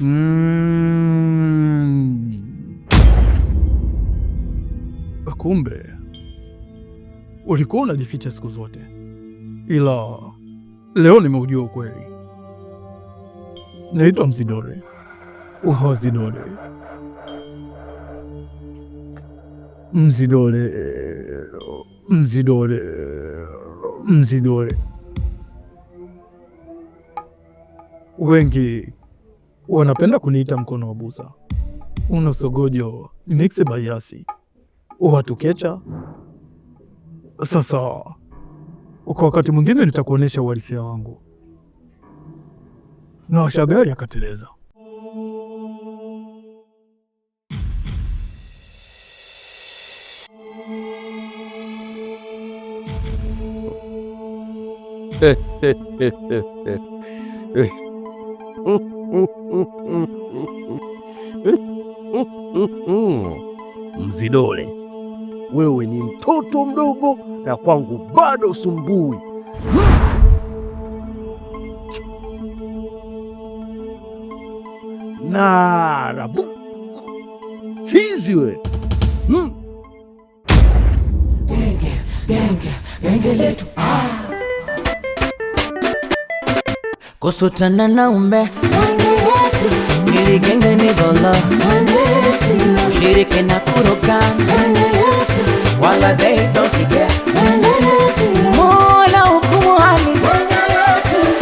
Mm. Kumbe ulikuwa unajificha siku zote, ila leo nimeujua ukweli. Naitwa Mzidore Zidore Mzidore Mzidore Mzidore, wengi Wanapenda kuniita mkono wa busa, sogojo mixe bayasi watukecha. Sasa kwa wakati mwingine nitakuonyesha uhalisia wangu. Na eh, eh, eh. eh, eh, eh. Mzidole, wewe ni mtoto mdogo na kwangu bado sumbui. Narabu chizi we hmm. genge genge genge letu ah. na umbe niligenge nidola shirike na kuroka wala they Mola hukumu hali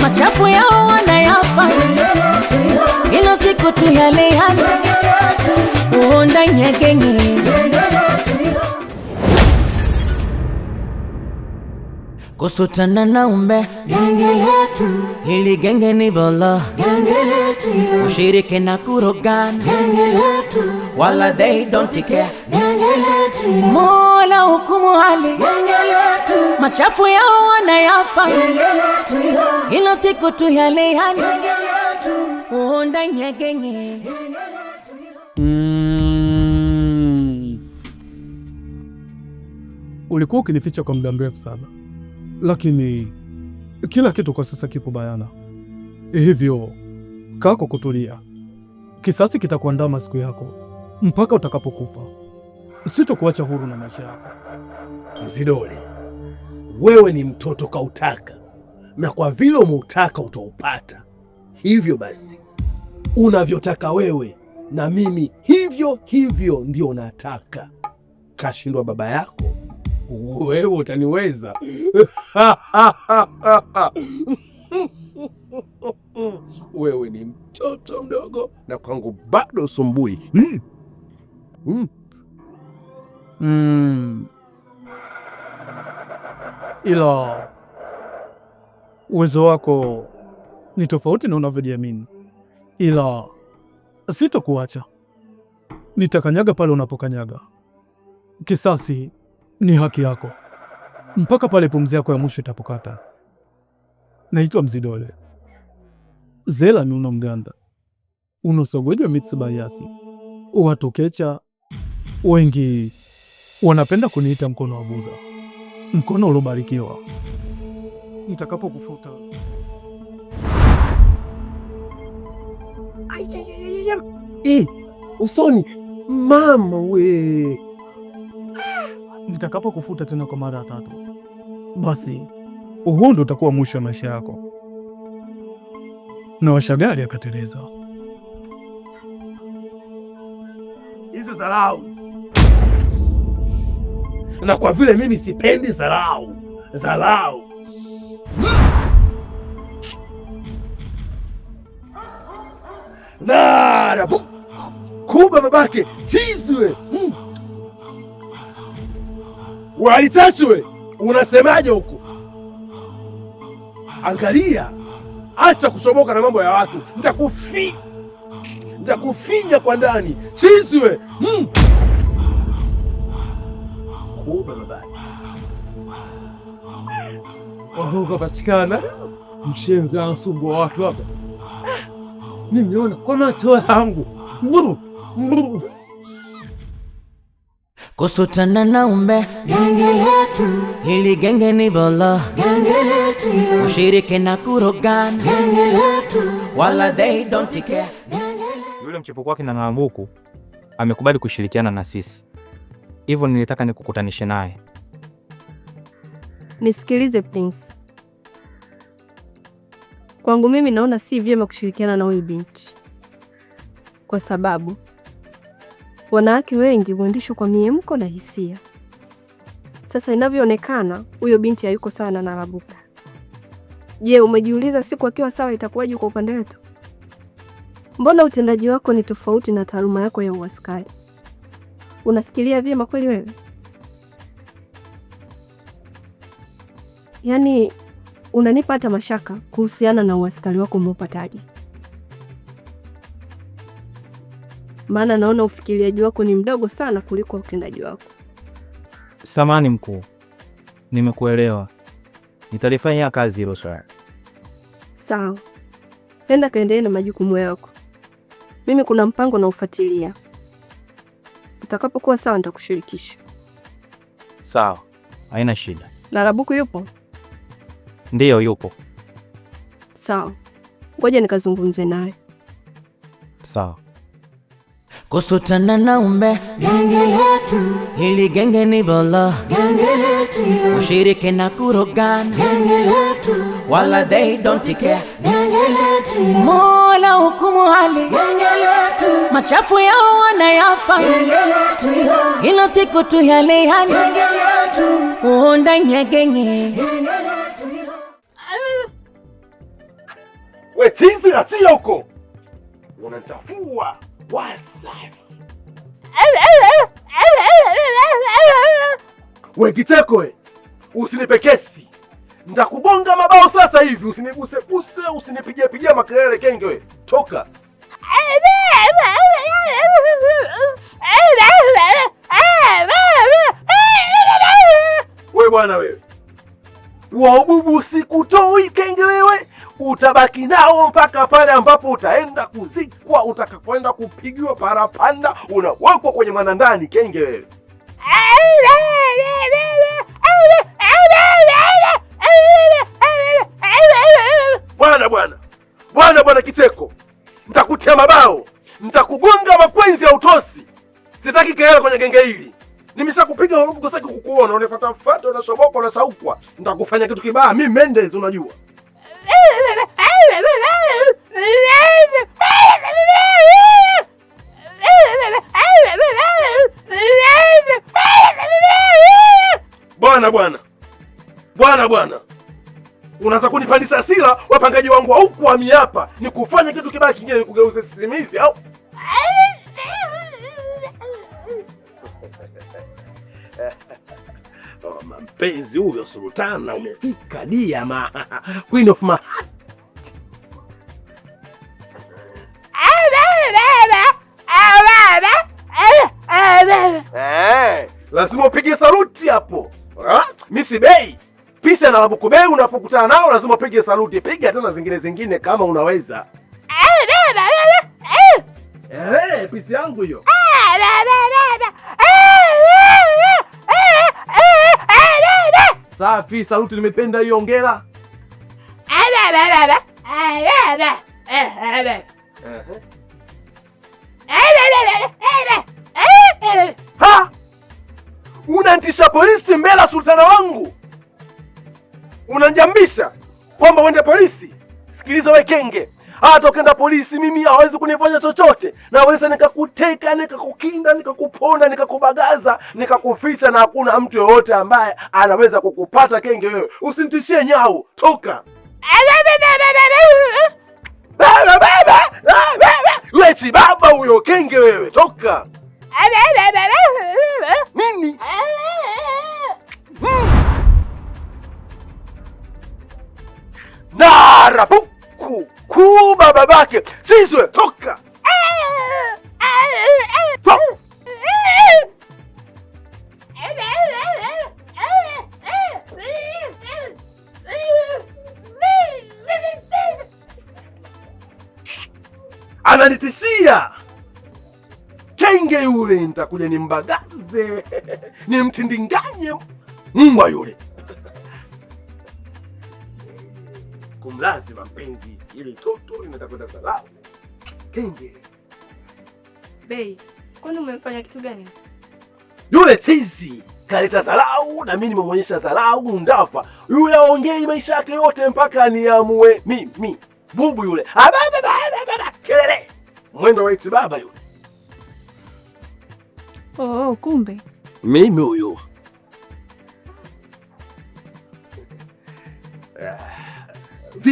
machafu yao wanayafa ila siku tu yale yale kusutana na umbe. Genge letu hili genge ni bolo, genge letu ushirike na kurogana, genge letu wala they don't care, genge letu mola hukumu hali, genge letu machafu yao wanayafa, genge letu hilo siku tu yale yani, genge letu uonda nyegenge mm. Ulikuwa ukinificha kwa muda mrefu sana lakini kila kitu kwa sasa kipo bayana, e, hivyo kako kutulia. Kisasi kitakuandaa masiku yako mpaka utakapokufa. Sitokuacha huru na maisha yako. Zidoli, wewe ni mtoto kautaka, na kwa vile umeutaka utaupata. Hivyo basi unavyotaka wewe na mimi hivyo hivyo ndio nataka. Kashindwa baba yako wewe utaniweza? Wewe ni mtoto mdogo na kwangu bado usumbui. mm. Ila uwezo wako ni tofauti na unavyojiamini, ila sitokuacha, nitakanyaga pale unapokanyaga. Kisasi ni haki yako mpaka pale pumzi yako ya mwisho itapokata. Naitwa Mzidole zela ni uno mganda unosogojwa mitsibayasi watu wengi wanapenda kuniita mkono wa Buza, mkono uliobarikiwa. Nitakapokufuta eh, usoni, mama we nitakapokufuta tena kwa mara ya tatu, basi huo ndo utakuwa mwisho wa maisha yako. Na Washagali akateleza. Hizo zarau, na kwa vile mimi sipendi zarau, zarau narabu kuba babake chizwe Walitachiwe, unasemaje huko? Angalia, acha kuchomoka na mambo ya watu, nitakufi nitakufinya kwa ndani. we mm. Kuba baba ukapatikana mshenzi anasumbua watu hapa, nimeona kwa macho yangu mburu mburu kusutana na umbe genge letu, hili genge ni bolo genge letu, ushirike na kurogan genge letu, wala they don't care. Yule mchepuko wake na Ng'ambuku amekubali kushirikiana na sisi, hivyo nilitaka nikukutanishe naye. Nisikilize Prince, kwangu mimi naona si vyema kushirikiana na huyu binti kwa sababu Wanawake wengi huendeshwa kwa miemko na hisia. Sasa inavyoonekana, huyo binti hayuko sawa na Narabuka. Je, umejiuliza siku akiwa sawa itakuwaje kwa upande wetu? Mbona utendaji wako ni tofauti na taaluma yako ya uaskari? Unafikiria vyema kweli wewe? Yaani unanipa hata mashaka kuhusiana na uaskari wako umeupataje? maana naona ufikiriaji wako ni mdogo sana kuliko utendaji wako. Samani mkuu, nimekuelewa, nitalifanyia kazi hilo swala. Sawa, nenda kaendelee na majukumu yako, mimi kuna mpango na ufuatilia. Utakapokuwa sawa nitakushirikisha. Sawa, haina shida. Narabuku yupo? Ndiyo, yupo. Sawa, ngoja nikazungumze naye. Sawa kusutana na umbe genge letu, hili genge ni bolo genge letu, ushirike na kurogana genge letu, wala they don't care genge letu, Mola hukumu hali genge letu, machafu yao wanayafa genge letu, ila siku tu yale yale genge letu, uonda nyegenge we Wetizi, achia huko, unachafua wasafi. We usinipe usinipekesi, ndakubonga mabao sasa hivi. Usiniguse guse, usinipigie pigia makelele kenge. We toka we bwana wewe, waububu sikutoi kenge wewe utabaki nao mpaka pale ambapo utaenda kuzikwa, utakapoenda kupigiwa parapanda, unawekwa kwenye manandani kenge wewe. Bwana bwana bwana bwana, Kiteko, ntakutia mabao, ntakugonga makwenzi ya utosi. Sitaki kelele kwenye genge hili. Nimeshakupiga urufu kusaki kukuona, unafuatafuata, unashoboka, unasaukwa. ntakufanya kitu kibaya Mi Mendezi, unajua. Bwana bwana bwana bwana, unaanza kunipandisha hasira. Wapangaji wangu huku wamiapa ni kufanya kitu kibaya, kingine ni kugeuza sisimizi au mpenzi huyo sultana, umefika dia ma ah, ah, ah, queen of my eh, lazima upige saluti hapo Misi Bei Pisa na Labuku Bei, unapokutana nao lazima upige saluti. Piga tena zingine zingine kama unaweza. Hey, eh, pisi yangu hiyo. Safi, saluti, nimependa hiyo ongera. Unanitisha polisi mbele ya sultana wangu, unanjambisha kwamba uende polisi? Sikiliza we kenge hata ukenda polisi, mimi hawezi kunifanya chochote. Naweza nikakuteka, nikakukinga, nikakuponda, nikakubagaza, nikakuficha, na hakuna mtu yoyote ambaye anaweza kukupata. Kenge wewe, usinitishie nyau, toka leti baba huyo. Kenge wewe, toka nini? Narabuku kuba babake sisi toka ananitishia kenge yule, nitakuja nimbagaze nimtindinganye mbwa yule. Kumlazima mpenzi ili toto linataka kwenda salama. Kenge bei, kwani umemfanya kitu gani yule chizi? Kaleta zarau na mimi nimemwonyesha zarau ndafa. Yule aongei maisha yake yote mpaka niamue mimi bubu yule ah, kelele, mwendo waiti baba yule. Oh, oh kumbe mimi huyo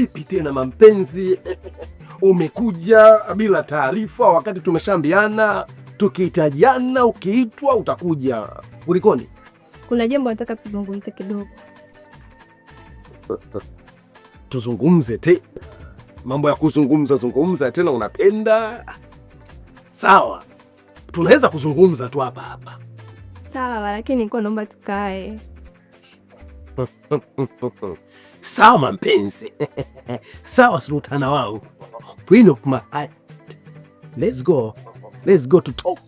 vipi tena mampenzi? Umekuja bila taarifa, wakati tumeshaambiana tukihitajiana, ukiitwa utakuja. Kulikoni? Kuna jambo nataka tuzungumze kidogo. Tuzungumze te? Mambo ya kuzungumza zungumza tena unapenda? Sawa, tunaweza kuzungumza tu hapa hapa. Sawa, lakini nilikuwa naomba tukae Sawa mampenzi, sawa sultana wangu, Queen of my heart. Let's go. Let's go to top.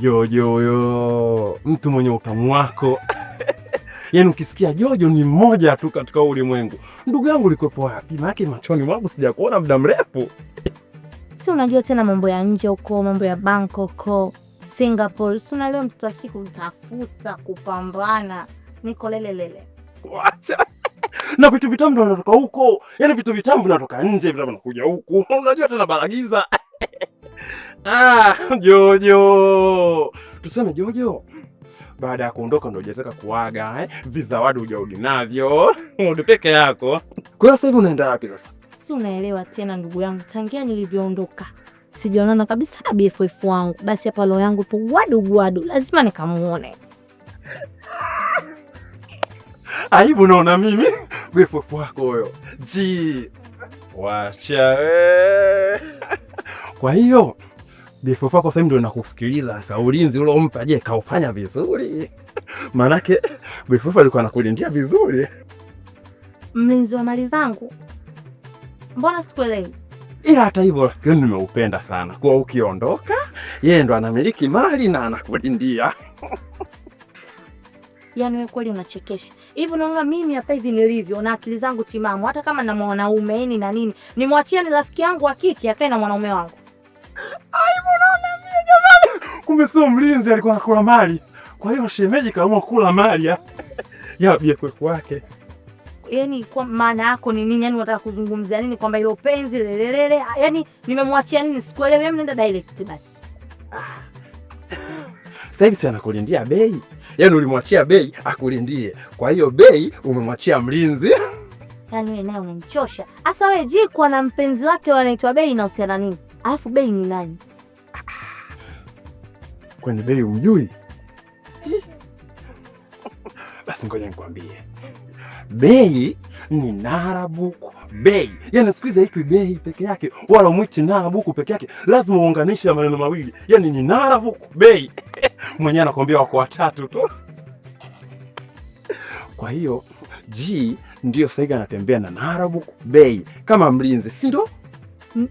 Jojoyo, mtu mwenye utamu wako yaani ukisikia Jojo ni mmoja tu katika ulimwengu. Ndugu yangu ulikuwepo wapi? Maanake machoni mwangu sijakuona muda mrefu. Si unajua tena mambo ya nje huko, mambo ya bank huko Singapore, si unalewa mtoto akii kutafuta kupambana, niko lelelele na vitu vitamu ndo vinatoka huko, yaani vitu vitamu vinatoka nje, vitamu vinakuja huku. Unajua tena baragiza ah, Jojo tuseme Jojo baada ya kuondoka ndo hujataka kuaga eh? Vizawadi hujarudi navyo udi peke yako. Kwa sasa hivi unaenda wapi sasa? Si unaelewa tena ndugu yangu, tangia nilivyoondoka sijaonana kabisa na BFF wangu, basi hapa roho yangu tu wadu wadu, lazima nikamuone. Aibu ah, naona mimi BFF wako huyo. Ji wacha we. Kwa hiyo BFF wako sasa ndio nakusikiliza sasa. Ulinzi ule umpa, je, kaufanya vizuri? Maanake BFF alikuwa anakulindia vizuri. Mlinzi wa mali zangu, mbona sikuelewi? ila hata hivyo lakini nimeupenda sana kwa ukiondoka, yeye ndo anamiliki mali na anakulindia. Yani wewe kweli unachekesha. Hivi Naona mimi hapa hivi nilivyo na akili zangu timamu, hata kama na mwanaume yani na nini, nimwachia ni rafiki yangu wa kike akae na mwanaume wangu. Ai, unaona mimi jamani, kumbe sio mlinzi alikuwa anakula mali. Kwa hiyo shemeji kaamua kula mali ya ya bibi yani kwa maana yako ni nini? Yani unataka kuzungumzia nini? Kwamba ile penzi lelelele, yani nimemwachia nini? Sikuelewi. Mimi nenda direct basi. Ah. Sasa hivi anakulindia bei, yani ulimwachia bei akulindie, kwa hiyo bei umemwachia mlinzi. Yani wewe naye unanichosha. hasa. Wewe kwa na mpenzi wake wanaitwa bei, inahusiana nini? Alafu bei ni nani? Kwani bei umjui? Basi ngoja nikwambie, bei ni Narabuku bei. Yani siku hizi haitwi bei peke yake, wala mwiti Narabuku peke yake, lazima uunganishe ya maneno mawili, yani ni Narabuku bei. Mwenyewe anakuambia wako watatu tu. Kwa hiyo G ndiyo saiga anatembea na Narabuku bei kama mlinzi, si ndo?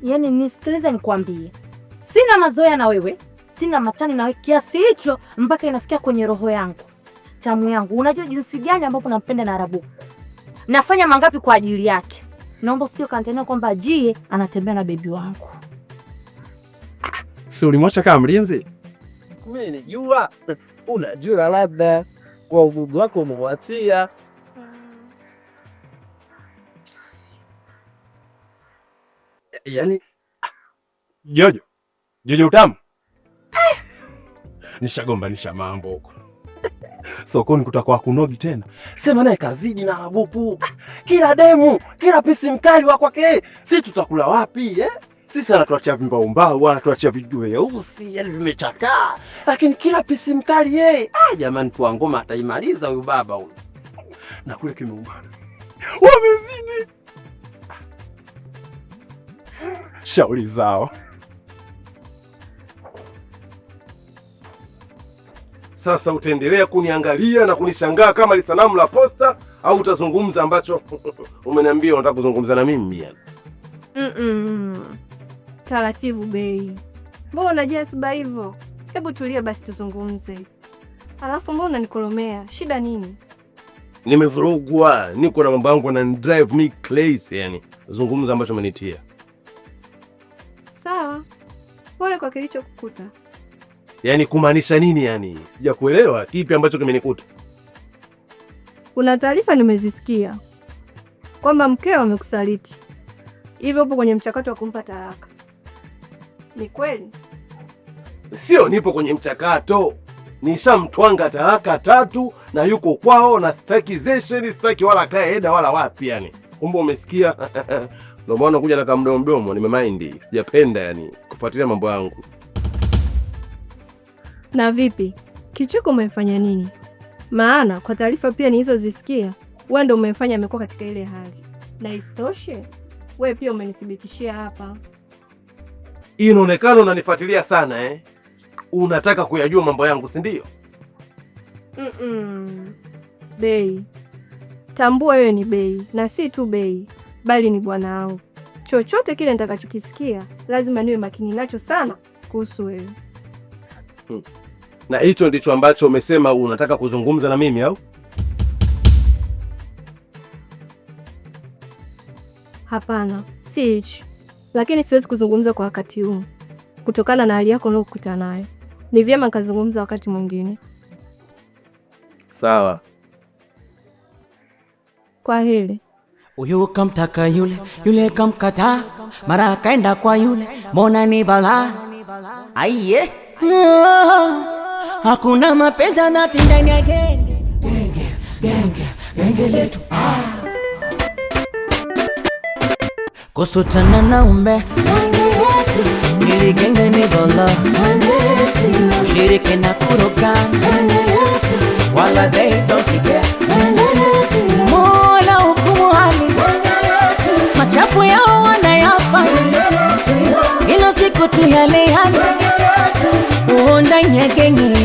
Yani nisikilize, nikwambie, sina mazoea na wewe, sina matani na wewe kiasi hicho mpaka inafikia kwenye roho yangu tamu yangu, unajua jinsi gani ambapo nampenda Narabuku, nafanya mangapi kwa ajili yake. Naomba usije kanitania kwamba Jie anatembea na bebi wangu. Si ulimwacha kama mlinzi? Umenijua, unajua labda kwa ugugu wako umemwachia Yani Jojo Jojo utamu, eh, nishagombanisha mambo huko sokoni kutakuwa kunogi tena, sema naye kazidi na abupu, kila demu kila pisi mkali wa kwake, si tutakula wapi eh? Sisi anatuachia vimbaumbau, anatuachia vyeusi yani vimechakaa, lakini kila pisi mkali yeye. Eh? Ah, jamani, pua ngoma ataimaliza huyu baba huyu, na kule kimeumana, wamezidi shauri zao. Sasa utaendelea kuniangalia na kunishangaa kama lisanamu la posta au utazungumza ambacho umeniambia unataka kuzungumza na mimi yani? mm -mm. Taratibu bei, mbona unajasiba hivyo? Hebu tulia basi tuzungumze, alafu mbona unanikolomea? Shida nini? Nimevurugwa, niko na mambo yangu na drive me crazy yani. Zungumza ambacho umenitia. Sawa, pole kwa kilichokukuta. Yaani kumaanisha nini? Yani sijakuelewa, kipi ambacho kimenikuta? Kuna taarifa nimezisikia kwamba mkeo amekusaliti, hivyo upo kwenye mchakato wa kumpa talaka. Ni kweli? Sio, nipo kwenye mchakato, nishamtwanga talaka tatu na yuko kwao, na sitaki zesheni, staki wala kae eda wala wapi. Yani kumbe umesikia? Ndio maana kuja na kamdomo mdomo, nimemind, sijapenda yani kufuatilia mambo yangu. Na vipi Kicheko, umefanya nini? Maana kwa taarifa pia nilizozisikia, wewe ndio umefanya amekuwa katika ile hali, na isitoshe wewe pia umenithibitishia hapa. Inaonekana unanifuatilia sana eh? Unataka kuyajua mambo yangu si ndio? mm -mm. Bei, tambua wewe ni Bei na si tu Bei bali ni bwana wangu. Chochote kile nitakachokisikia lazima niwe makini nacho sana kuhusu wewe. hmm. Na hicho ndicho ambacho umesema unataka kuzungumza na mimi au? Hapana, si hicho, lakini siwezi kuzungumza kwa wakati huu kutokana na hali yako unayokuta nayo. Ni vyema nkazungumza wakati mwingine. Sawa, kwa hili. Huyu kamtaka yule, yule kamkataa, mara akaenda kwa yule, mbona ni balaa aiye hakuna mapenzi nati ndani ya genge genge genge genge letu ah. Kusutana na umbe ili genge ni bolo ushiriki na kuruka wala they don't care Mola hukumu hali machafu yao wanayafa ilo siku tu yale yale တိုင်းမြဲကင်းကြီး